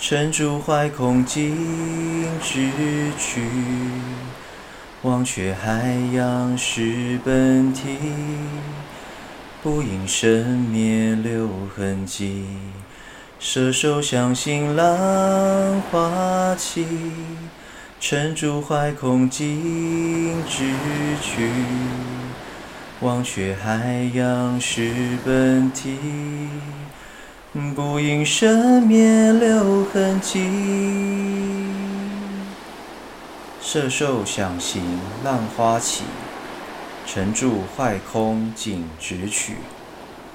成住壞空緊執取，忘卻海洋實本體，不因生滅留痕跡，色受想行浪花起。成住壞空緊執取，忘卻海洋實本體。不因生滅留痕跡。色受想行浪花起，成住壞空緊執取，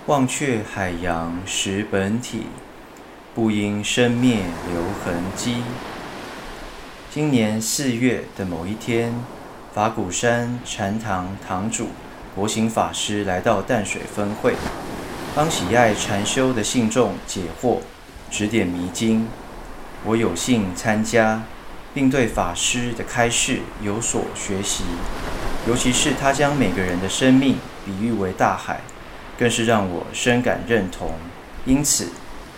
忘卻海洋實本體，不因生滅留痕跡。今年四月的某一天，法鼓山禪堂堂主佛行法師來到淡水分會。幫喜愛禪修的信眾解惑、指點迷津，我有幸參加，並對法師的開示有所學習。尤其是他將每個人的生命比喻為大海，更是讓我深感認同。因此，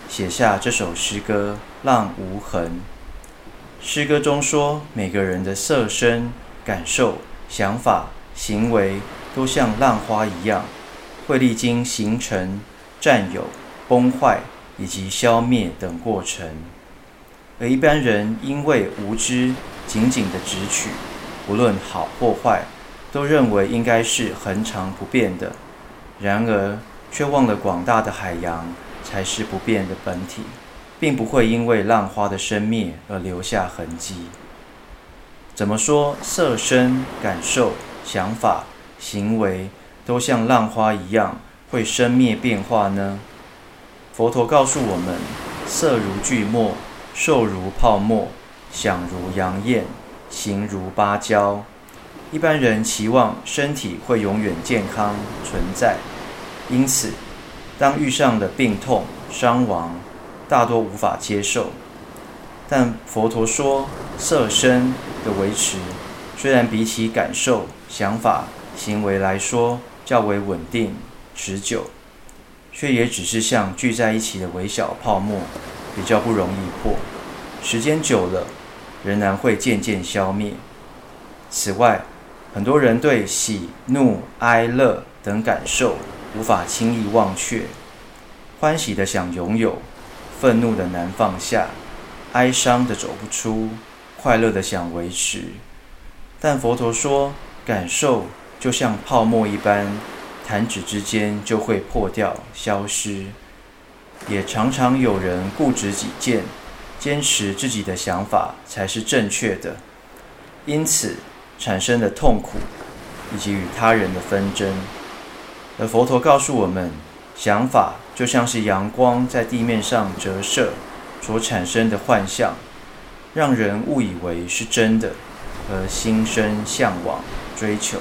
寫下這首詩歌《浪無痕》。詩歌中說，每個人的色身、感受、想法、行為，都像浪花一樣。會歷經形成、占有、崩壞以及消滅等過程，而一般人因為無知，緊緊的執取，不論好或壞，都認為應該是恆常不變的，然而卻忘了廣大的海洋才是不變的本體，並不會因為浪花的生滅而留下痕跡。怎麼說？色身、感受、想法、行為。都像浪花一樣會生滅變化呢？佛陀告訴我們：色如聚沫，受如泡沫，想如陽焰，行如芭蕉。一般人期望身體會永遠健康存在，因此當遇上的病痛、傷亡，大多無法接受。但佛陀說，色身的維持，雖然比起感受、想法、行為來說，較為穩定、持久，卻也只是像聚在一起的微小泡沫，比較不容易破。時間久了，仍然會漸漸消滅。此外，很多人對喜怒哀樂等感受無法輕易忘卻，歡喜的想擁有，憤怒的難放下，哀傷的走不出，快樂的想維持。但佛陀說，感受，就像泡沫一般，彈指之間就會破掉消失。也常常有人固執己見，堅持自己的想法才是正確的，因此產生的痛苦以及與他人的紛爭。而佛陀告訴我們，想法就像是陽光在地面上折射所產生的幻象，讓人誤以為是真的，而心生向往追求。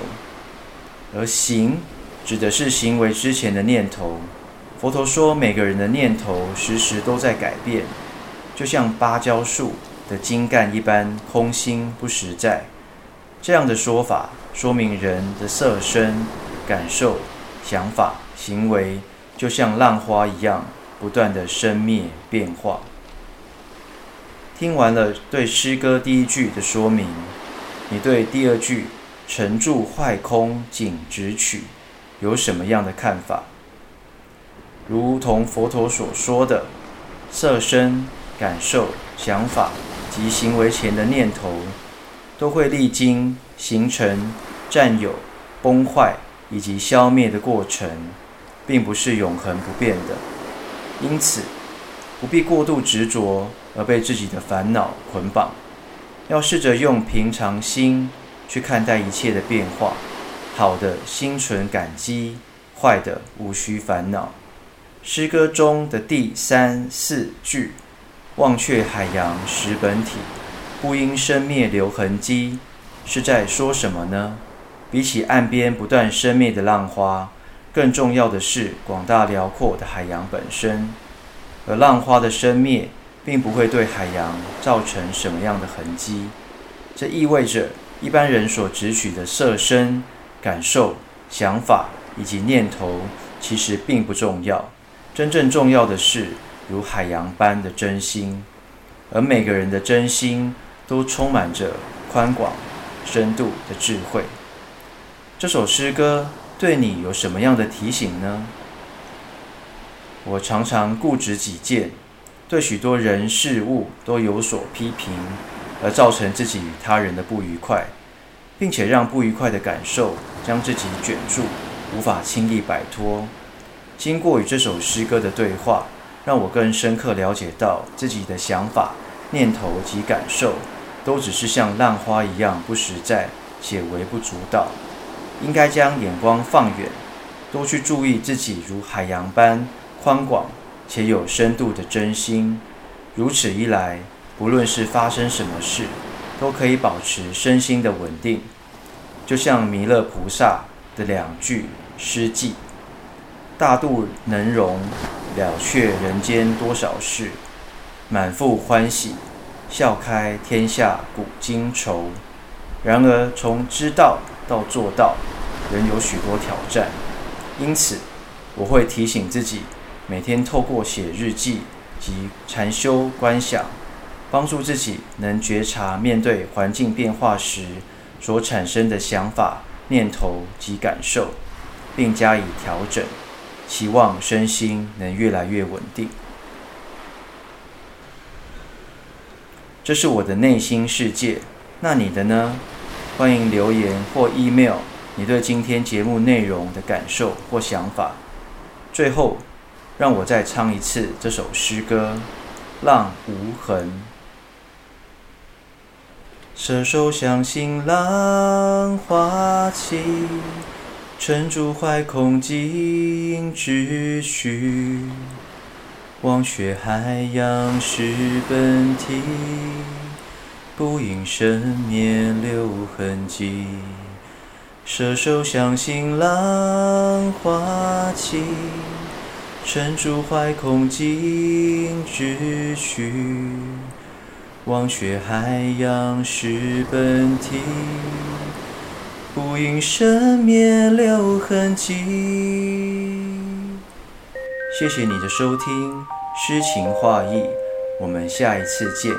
而行指的是行為之前的念頭。佛陀說，每個人的念頭時時都在改變，就像芭蕉樹的莖幹一般，空心不實在。這樣的說法說明人的色身、感受、想法、行為，就像浪花一樣，不斷的生滅變化。聽完了對詩歌第一句的說明，你對第二句，成住壞空，緊執取，有什麼樣的看法？如同佛陀所說的，色身、感受、想法及行為前的念頭，都會歷經形成、占有、崩壞以及消滅的過程，並不是永恆不變的。因此，不必過度執着而被自己的煩惱捆綁，要試着用平常心。去看待一切的變化，好的心存感激，壞的無需煩惱。詩歌中的第三四句“忘卻海洋實本體，不因生滅留痕跡”是在說什麼呢？比起岸邊不斷生滅的浪花，更重要的是廣大遼闊的海洋本身。而浪花的生滅並不會對海洋造成什麼樣的痕跡，這意味着。一般人所執取的色身、感受、想法以及念頭，其實並不重要。真正重要的是如海洋般的真心，而每個人的真心都充滿着寬廣、深度的智慧。這首詩歌對你有什麼樣的提醒呢？我常常固執己見，對許多人事物都有所批評。而造成自己與他人的不愉快，並且讓不愉快的感受將自己捲住，無法輕易擺脫。經過與這首詩歌的對話，讓我更深刻了解到自己的想法、念頭及感受，都只是像浪花一樣不實在且微不足道。應該將眼光放遠，多去注意自己如海洋般寬廣且有深度的真心。如此一來，不論是發生什麼事，都可以保持身心的穩定，就像彌勒菩薩的兩句詩偈：“大肚能容，了却人間多少事；滿腹歡喜，笑開天下古今愁。”然而，從知道到做到，仍有許多挑戰。因此，我會提醒自己，每天透過寫日記及禪修觀想。幫助自己能覺察面對環境變化時所產生的想法、念頭及感受，並加以調整，期望身心能越來越穩定。這是我的內心世界，那你的呢？歡迎留言或 email 你對今天節目內容的感受或想法。最後，讓我再唱一次這首詩歌《浪無痕》。色受想行浪花起，成住壞空緊執取。忘卻海洋實本體，不因生滅留痕跡。色受想行浪花起，成住壞空緊執取。忘卻海洋實本體，不因生滅留痕跡。謝謝你的收聽，詩情話意，我們下一次見。